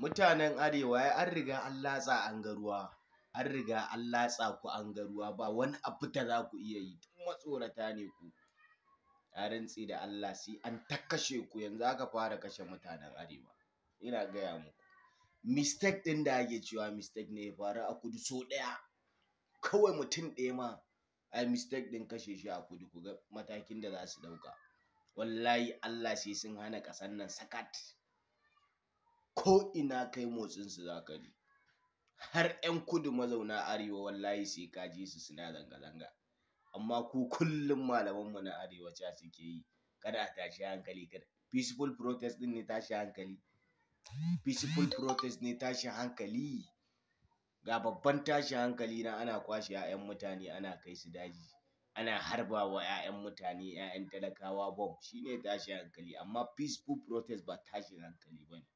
mutanen arewa ya an riga an latsa an ga ruwa an riga an latsa ku an ga ruwa ba wani abu da za ku iya yi tun matsorata ne ku ya rantse da Allah sai an ta kashe ku yanzu aka fara kashe mutanen arewa ina gaya muku mistake ɗin da ake cewa mistake ne ya faru a kudu so ɗaya kawai mutum ɗaya ma ai mistake ɗin kashe shi a kudu ku ga matakin da za su ɗauka wallahi Allah sai sun hana ƙasar nan sakat ko ina kai motsin su ka ji har 'yan kudu mazauna arewa wallahi sai ka su suna zanga-zanga amma ku kullum malamanmu na arewa ca suke yi kada a tashi hankali kada peaceful protest din ne tashi hankali peaceful protest ne tashi hankali ga babban tashi hankali na ana kwashe 'ya'yan mutane ana kai su daji ana harba wa 'ya'yan mutane 'ya'yan talakawa bom shine tashi hankali amma peaceful protest ba tashi hankali bane